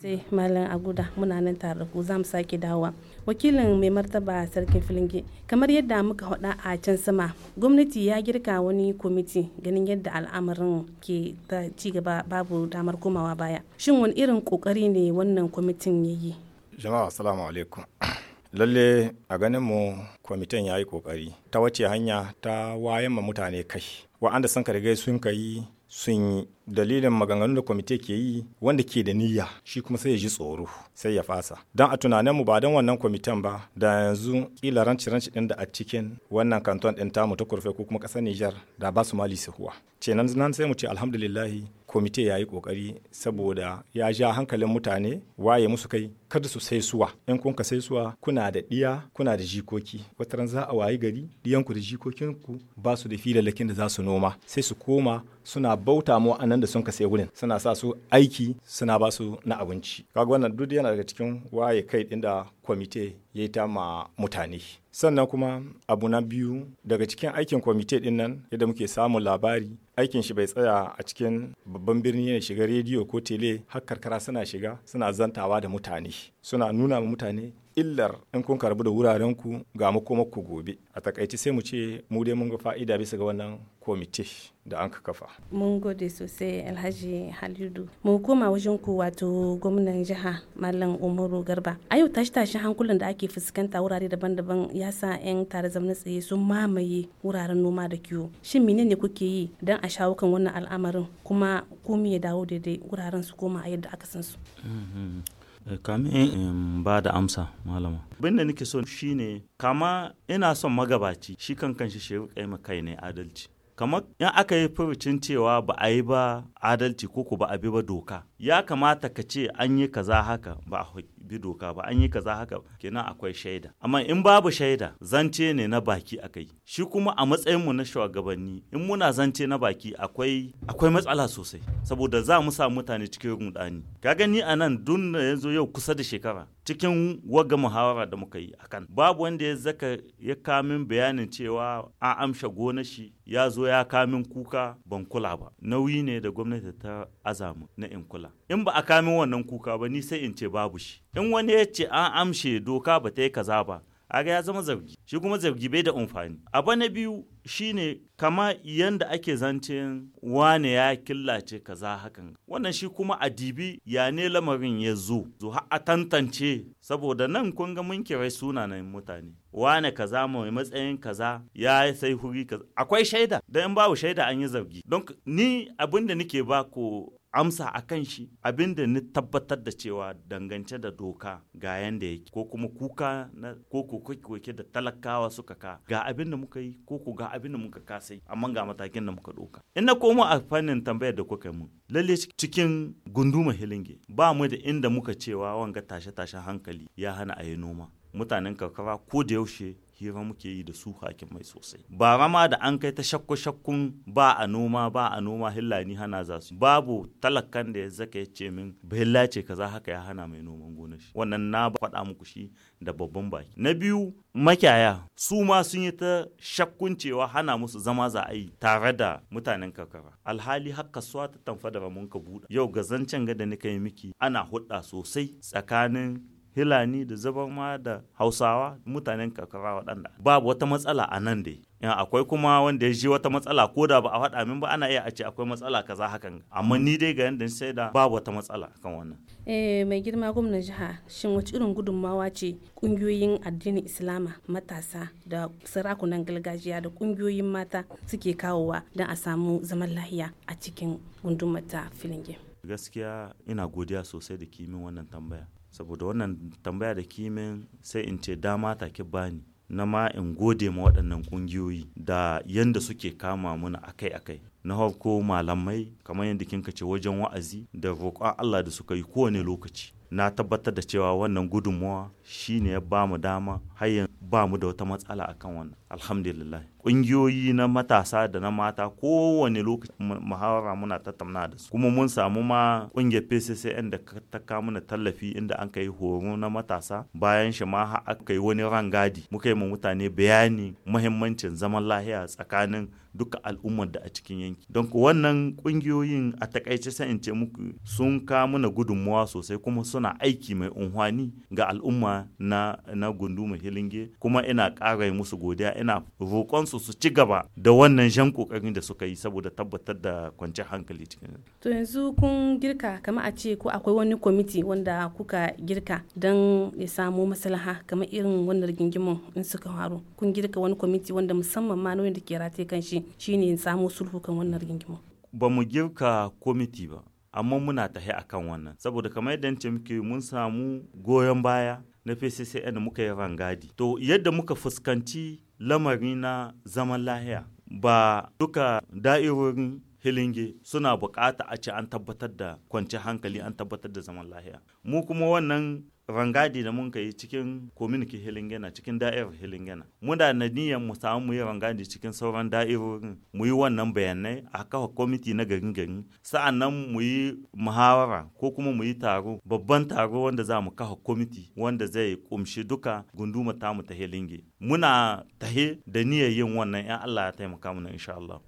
sai malam aguda muna nan tare da ku za mu sake dawowa wakilin mai martaba sarkin filinge kamar yadda muka hada a can sama gwamnati ya girka wani kwamiti ganin yadda al'amarin ke ta ci gaba babu damar komawa baya shin wani irin kokari ne wannan kwamitin ya yi jama'a assalamu alaikum lalle a ganin mu kwamitin ya yi kokari ta wace hanya ta wayan ma mutane kai wa'anda sun ka riga sun ka yi sun yi dalilin maganganun da kwamite ke yi wanda ke da niyya shi kuma sai ya ji tsoro sai ya fasa don a tunaninmu ba don wannan kwamitin ba da yanzu kila ranci ranci din da a cikin wannan kanton din tamu ta kurfe ko kuma kasar Nijar da ba su mali sahuwa ce nan sai mu ce alhamdulillahi komite ya yi kokari saboda ya ja hankalin mutane waye musu kai kada su sai suwa in kun ka sai suwa kuna da ɗiya kuna da jikoki ran za a wayi gari ɗiyanku da jikokinku ba su da filalakin da za su noma sai su koma suna bauta mu anan da sun ka sai wurin suna sa su aiki suna ba su na abinci kaga wannan duk yana daga cikin waye kai ɗin da kwamite ya yi ta ma mutane sannan kuma abu na biyu daga cikin aikin kwamite din nan yadda muke samun labari aikin shi bai tsaya a cikin babban birni ne shiga rediyo ko tele har karkara suna shiga suna zantawa da mutane suna nuna ma mutane illar in kun karbu da wuraren ku ga makomakku gobe a takaici sai mu ce mu dai mun ga fa'ida bisa ga wannan komite da an kafa. Mun gode sosai Alhaji Halidu. Mu koma wajen ku wato gwamnan jiha Malam Umaru Garba. A yau tashi tashi hankulan da ake fuskanta wurare daban-daban ya sa 'yan tare zamanin tsaye sun mamaye wuraren noma da kiwo. Shin menene kuke yi don a shawo kan wannan al'amarin kuma ko komi ya dawo daidai wuraren su koma a yadda aka san su? Mm-hmm. Eh, kamin in ba da amsa malama abin da nake so shine kama ina son magabaci shi kan kanshi shi kai kai ne adalci kamar in aka yi furucin cewa ba a yi ba adalci ko ku ba a bi ba doka ya kamata ka ce an yi kaza haka ba a bi doka ba an yi kaza haka kenan akwai shaida amma in babu shaida zance ne na baki a kai shi kuma a matsayin mu na shugabanni in muna zance na baki akwai akwai matsala sosai saboda za mu sa mutane cikin rudani ka gani a nan dun da yanzu yau kusa da shekara cikin waga muhawara da muka yi akan babu wanda ya zaka ya kamin bayanin cewa an amsha gonar shi ya zo ya kamin kuka ban kula ba nauyi ne da gwamnati ta azamu na in kula in ba a kamin wannan kuka ba ni sai in ce babu shi in wani ya ce an amshe doka ba ta yi kaza ba A ga ya zama zargi shi kuma zargi bai da amfani abu na biyu shine kama yanda ake zancen wane ya killace kaza hakan wannan shi kuma a dibi ya ne lamarin ya zo zo har a tantance saboda nan kun ga mun kirai sunanan mutane wane kaza mai matsayin kaza ya sai huri kaza akwai shaida don in babu shaida an yi zargi don ni abin da nake ba ko amsa a kan shi abinda ni tabbatar da cewa dangance da doka ga yanda yake ko kuma kuka na ko koke da talakawa suka ka ga abin da muka yi ko ku ga abin da muka kasai amma ga matakin da muka doka ina na komo a fannin tambayar da kuka mun lalle cikin gunduma hilinge ba mu da inda muka cewa wanga tashe-tashen hankali ya hana a yi noma mutanen karkara ko da yaushe hira muke yi da su mai sosai ba rama da an kai ta shakku shakkun ba a noma ba a noma hillani hana za su babu talakan da ya zaka ya ce min hilla ce kaza haka ya hana mai noman gonar shi wannan na ba faɗa muku shi da babban baki na biyu makiyaya su ma sun yi ta shakkun cewa hana musu zama za a yi tare da mutanen kakara alhali har kasuwa ta tamfa da ramun ka buɗe yau ga zancen ga da nika miki ana hudda sosai tsakanin hilani da zabama da hausawa mutanen kakara waɗanda babu wata matsala a nan dai akwai kuma wanda ya ji wata matsala ko da ba a faɗa min ba ana iya a ce akwai matsala kaza hakan amma ni dai ga yanda sai da babu wata matsala kan wannan eh mai girma gwamnan jiha shin wace irin gudunmawa ce kungiyoyin addinin islama matasa da sarakunan gargajiya da kungiyoyin mata suke kawowa don a samu zaman lahiya a cikin gundumar ta filinge gaskiya ina godiya sosai da kimin wannan tambaya saboda wannan tambaya da kimin sai in ce dama take bani na ma in gode ma waɗannan ƙungiyoyi da yadda suke kama mana akai-akai na hauko malamai kamar yadda kinka ce wajen wa'azi da roƙon Allah da suka yi kowane lokaci na tabbatar da cewa wannan gudunmawa shine ya ba mu dama yanzu ba mu da wata matsala akan wannan alhamdulillah ƙungiyoyi na matasa da na mata kowane lokaci muhawara muna tattauna da su kuma mun samu ma ƙungiyar pccn da ta kawo mana tallafi inda an kai horo na matasa bayan shi ma har aka wani rangadi muka yi ma mutane bayani muhimmancin zaman lahiya tsakanin duka al'ummar da a cikin yanki don wannan ƙungiyoyin a takaice sai in ce muku sun ka mana gudunmuwa sosai kuma suna aiki mai unhwani ga al'umma na na mai filinge kuma ina ƙara musu godiya ina roƙonsu su ci gaba da wannan jan ƙoƙarin da suka yi saboda tabbatar da kwanciyar hankali cikin to yanzu kun girka kama a ce ko akwai wani kwamiti wanda kuka girka don ya samu maslaha kamar irin wannan rigingimin in suka faru kun girka wani kwamiti wanda musamman ma da ke rataye kan shi shine samo sulhu kan wannan rigingimin ba mu girka kwamiti ba amma muna tahe akan wannan saboda kamar yadda muke mun samu goyon baya na pccn muka yi rangadi to yadda muka fuskanci lamari na zaman lahiya ba duka da'irorin hilinge suna bukata a ce an tabbatar da kwanci hankali an tabbatar da zaman lahiya mu kuma wannan rangadi da mun yi cikin community hilingena cikin da'irar hilingena muna da niyyar mu samu mu yi rangadi cikin sauran da'irorin mu yi wannan bayanai a kafa kwamiti na garin garin sa'annan mu yi muhawara ko kuma mu yi taro babban taro wanda za mu kafa kwamiti wanda zai kumshi duka gunduma tamu ta hilinge muna tahe da niyyar yin wannan in Allah ya taimaka mana insha Allah.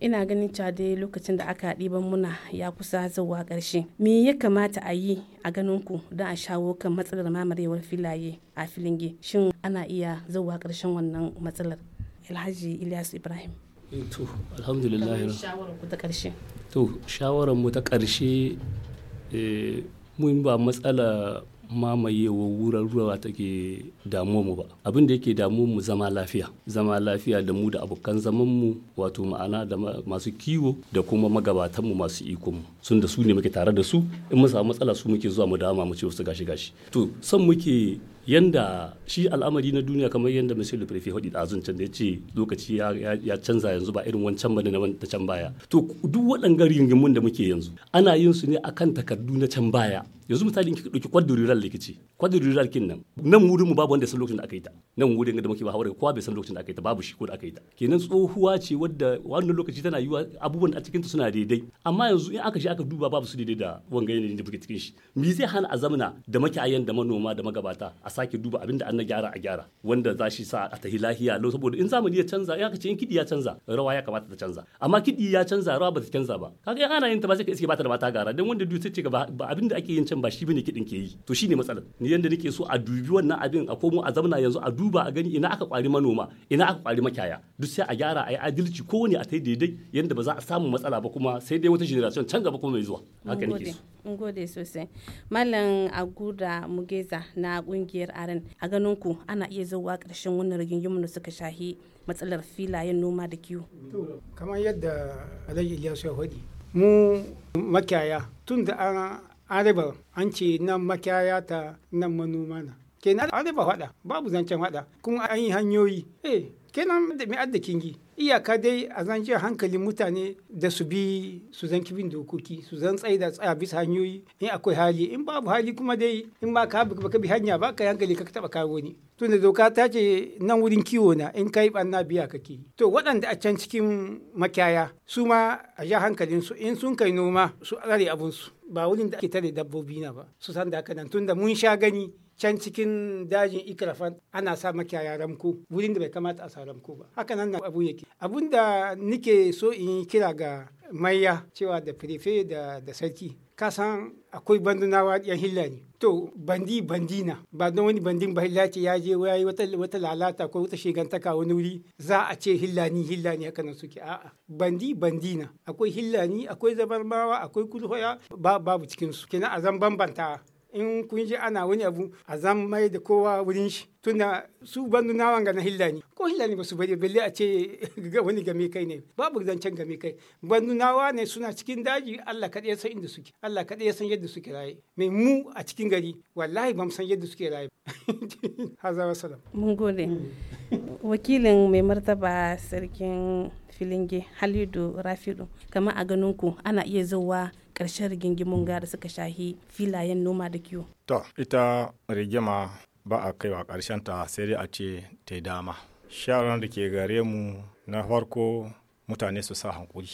ina ganin cade lokacin da aka ɗiban muna ya kusa zuwa ƙarshe me ya kamata a yi a ganin ku don a shawo kan matsalar mamarewar filaye a filinge shin ana iya zuwa ƙarshen wannan matsalar alhaji ilyas ibrahim eh to alhamdulillah ta ƙarshe to shawarar ta ƙarshe eh, mun ba matsala wa wurar ruwa take damuwa mu ba abin da yake damuwa mu zama lafiya zama lafiya da mu da abokan zaman mu wato ma'ana da masu kiwo da kuma magabatan mu masu iko mu sun da su ne muke tare da su in mun samu matsala su muke zuwa mu dama mu ce wasu gashi gashi to san muke yanda shi al'amari na duniya kamar yanda monsieur le prefet hadi azun can da ya ce lokaci ya canza yanzu ba irin wancan bane na ta can baya to duk waɗannan rigingimun da muke yanzu ana yin su ne akan takardu na can baya yanzu misali kika dauki kici likici rural kin nan nan wurin mu babu wanda san lokacin da aka yi ta nan wurin da muke ba hawar kowa bai san lokacin da aka yi ta babu shi ko da aka yi ta kenan tsohuwa ce wadda wannan lokaci tana yiwa abubuwan a cikin ta suna daidai amma yanzu in aka shi aka duba babu su daidai da wanga yanayin da muke cikin shi me zai hana a zamana da makiyayan da manoma da magabata a sake duba abin da an na gyara a gyara wanda za shi sa a tahi lahiya lo saboda in zamani ya canza ya kace in kidi ya canza rawa ya kamata ta canza amma kidi ya canza rawa ba ta canza ba kaga in ana yin ta ba sai ka iske ba ta da mata gara dan wanda duk sai ce ba abin da ake yin can ba shi bane kidin ke yi to shine matsalar ni yanda nake so a dubi wannan abin a komo a zamana yanzu a duba a gani ina aka kwari manoma ina aka kwari makiyaya duk sai a gyara a yi adalci kowane a tai daidai yanda ba za a samu matsala ba kuma sai dai wata generation can gaba kuma mai zuwa haka nake so in gode sosai malam aguda mugeza na kungiyar aren a ganin ku ana iya zuwa karshen wannan rigingimu da suka shahi matsalar filayen noma da kiwo kamar yadda alhaji iliyasu ya faɗi mu makiyaya tun da an araba an ce nan makiyaya ta nan manoma na kenan araba faɗa babu zancen faɗa kuma an yi hanyoyi eh kenan da mai adda kingi iyaka dai a zan jan hankalin mutane da su bi su zan kibin dokoki su zan tsaye da tsaya bisa hanyoyi in akwai hali in babu hali kuma dai in ba ka baka bi hanya ba ka hankali ka taba kawo ni tun doka ta ce nan wurin kiwo na in kai banna biya kake to waɗanda a can cikin makiyaya su ma a ja hankalin su in sun kai noma su tsare abunsu ba wurin da ake tare dabbobi na ba su san da haka nan tunda mun sha gani can cikin dajin ikrafan ana sa makiyaya ramko wurin da bai kamata a sa ramko ba haka nan abu yake abun da nike so in yi kira ga maiya cewa da prefe da, da sarki ka san akwai bandunawa yan hilla ne to bandi bandi na ba don wani bandin ba hilla ce ya je ya yi wata, lalata ko wata shigantaka wani wuri za a ce hillani hillani haka nan suke a'a bandi bandi na akwai hillani akwai zabarmawa akwai kulhoya ba babu cikin su kenan a zan bambanta in kun ji ana wani abu a zan mai da kowa wurin shi tunda su bandu nawan ga na ne ko ne ba su bari balle a ce wani game kai ne babu zancen game kai bandu nawa ne suna cikin daji Allah kaɗai ya san inda suke Allah kaɗai ya san yadda suke raye mai mu a cikin gari wallahi ba mu san yadda suke raye hazawa salam mun gode wakilin mai martaba sarkin filinge halidu rafidu kamar a ganin ku ana iya zuwa ƙarshen rigingimun gara da suka shahi filayen noma da kiwo to ita rigima ba a kaiwa ƙarshen ta sai dai a ce ta dama sharon da ke gare mu na farko mutane su sa hankuri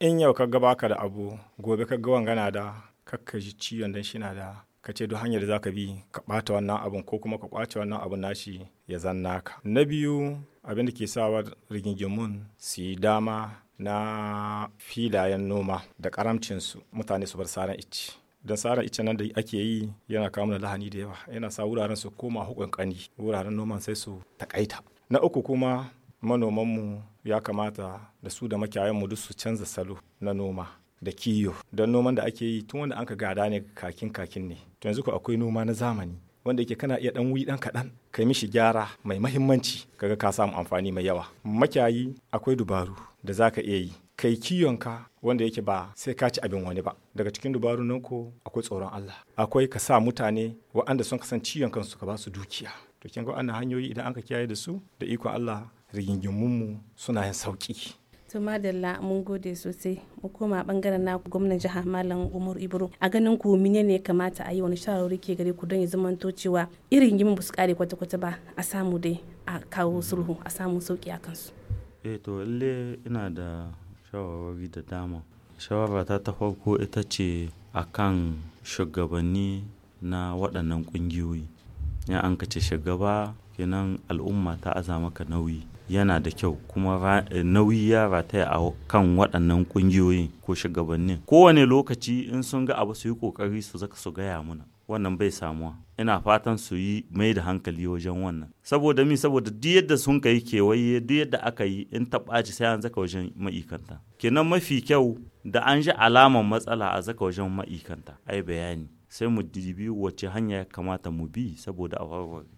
in yau ka gaba ka da abu gobe ka ga wangana da kakka ji ciwon dan shi na da ka ce duk hanyar da za ka bi ka ɓata wannan abin ko kuma ka ƙwace wannan abin nashi ya zanna ka. na biyu abin da ke sawa rigingimun su yi dama na filayen noma da karamcinsu mutane su bar saran ice don saran icce nan da ake yi yana kawo mana lahani da yawa yana sa wuraren su koma hukunkani wuraren noman sai su takaita na uku kuma manomanmu ya kamata da su da makiyayanmu duk su canza salo na noma da kiyo don noman da ake yi tun wanda an ka gada ne kakin kakin ne to yanzu ko akwai noma na zamani wanda yake kana iya dan wuyi dan kaɗan kai mishi gyara mai mahimmanci kaga ka samu amfani mai yawa makiyayi akwai dubaru da zaka iya yi kai kiyonka wanda yake ba sai ka ci abin wani ba daga cikin dubaru nan ko akwai tsoron Allah akwai ka sa mutane waɗanda sun kasan ciyon kansu ka ba su dukiya to kin ga wannan hanyoyi idan an ka kiyaye da su da ikon Allah rigingimunmu suna yin sauki to madalla mun gode sosai mu koma bangaren na gwamnan jiha malam umar ibro a ganin ku mine ne kamata a yi wani shawarwari ke gare ku don ya zama cewa irin gimin ba su kare kwata-kwata ba a samu dai a kawo sulhu a samu sauki a kansu eh to lalle ina da shawarwari da dama shawarata ta farko ita ce akan shugabanni na waɗannan ƙungiyoyi ya an kace shugaba kenan al'umma ta aza maka nauyi yana da kyau kuma eh, nauyi ya rataya a kan waɗannan ƙungiyoyin ko shugabannin kowane lokaci in sun ga abu su yi ƙoƙari su zaka su gaya muna wannan bai samuwa ina fatan su yi mai da hankali wajen wannan saboda mi saboda duk yadda sun kai kewaye duk yadda aka yi in ta ɓaci sai an zaka wajen ma'ikanta kenan mafi kyau da an ji alamar matsala a zaka wajen ma'ikanta ai bayani sai mu dibi wacce hanya ya kamata mu bi saboda a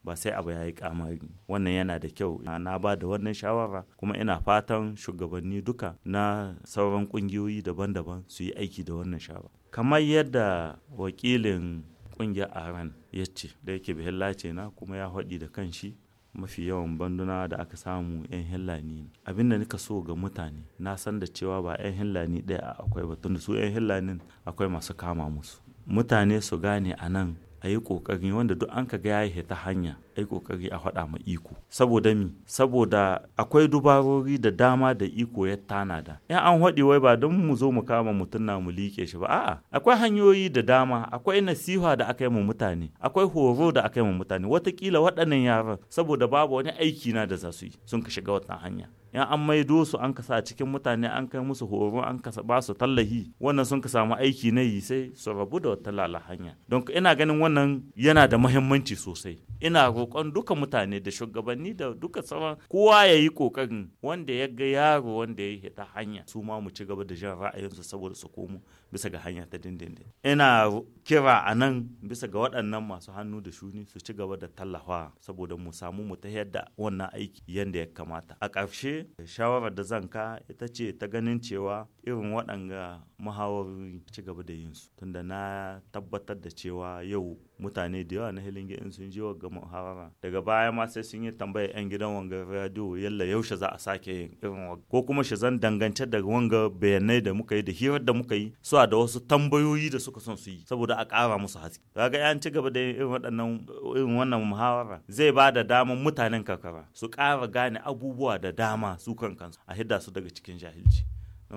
ba sai abu ya yi kamari wannan yana da kyau na ba da wannan shawara kuma ina fatan shugabanni duka na sauran kungiyoyi daban-daban su yi aiki da wannan shawara kamar yadda wakilin kungiyar aran ya ce da yake bihilla ce na kuma ya haɗi da kan shi mafi yawan banduna da aka samu 'yan hillani ne abin da nika so ga mutane na san da cewa ba 'yan hillani ɗaya akwai ba tunda su 'yan hillanin akwai masu kama musu mutane su gane a nan a yi ƙoƙari wanda duk an kaga ya yi ta hanya a yi ƙoƙari a faɗa ma iko saboda mi saboda akwai dubarori da dama da iko ya tanada in an haɗi wai ba don mu zo mu kama mutum na mu liƙe shi ba a'a akwai hanyoyi da dama akwai nasiha da aka yi mu mutane akwai horo da aka yi mu mutane watakila waɗannan yaran saboda babu wani aiki na da za su yi sun ka shiga wata hanya in an maido su an kasa cikin mutane an kai musu horo an kasa ba su tallahi wannan sun ka samu aiki na yi sai su rabu da wata lala hanya don ina ganin wannan yana da mahimmanci sosai ina roƙon duka mutane da shugabanni da duka sama kowa ya yi ƙoƙarin wanda ya ga yaro wanda ya yi hita hanya su ma mu ci gaba da jan ra'ayinsu saboda su komo bisa ga hanya ta dindindin ina kira a nan bisa ga waɗannan masu hannu da shuni su ci gaba da tallafa saboda mu samu mu ta yadda wannan aiki yadda ya kamata a ƙarshe shawarar da zan ka ita ce ta ganin cewa irin waɗanga muhawarori ci gaba da yin su tunda na tabbatar da cewa yau mutane da yawa na hilinge in sun je wagga muhawara daga baya ma sai sun yi tambaya yan gidan wanga radio yalla yaushe za a sake yin irin ko kuma shi zan dangance daga wanga bayanai da muka yi da hirar da muka yi su da wasu tambayoyi da suka son su yi saboda a ƙara musu haske ga yan ci gaba da irin waɗannan irin wannan muhawara zai ba da damar mutanen kakara su ƙara gane abubuwa da dama su kan kansu a hidda su daga cikin jahilci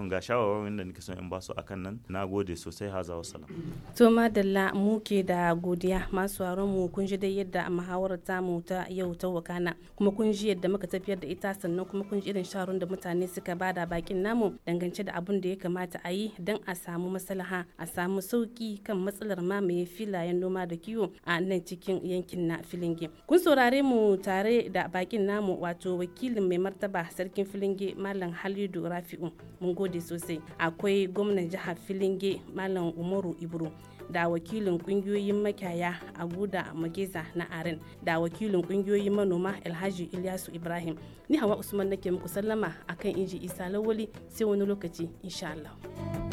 ga shawarwarin da nake son in basu akan nan na gode sosai haza wasalam to madalla mu ke da godiya masu sauraron mu kun ji dai yadda muhawarar ta mu ta yau ta wakana kuma kun ji yadda muka tafiyar da ita sannan kuma kun ji irin shawarun da mutane suka bada bakin namu dangance da abun da ya kamata a yi don a samu maslaha a samu sauki kan matsalar mamaye filayen noma da kiwo a nan cikin yankin na filinge kun saurare mu tare da bakin namu wato wakilin mai martaba sarkin filinge malam halidu rafi'u mun gode gode sosai akwai gwamnan jihar filinge malam umaru ibro da wakilin kungiyoyin makiyaya guda mageza na aren da wakilin kungiyoyin manoma alhaji ilyasu ibrahim ni hawa usman nake muku sallama akan inji isa lawali sai wani lokaci insha Allah.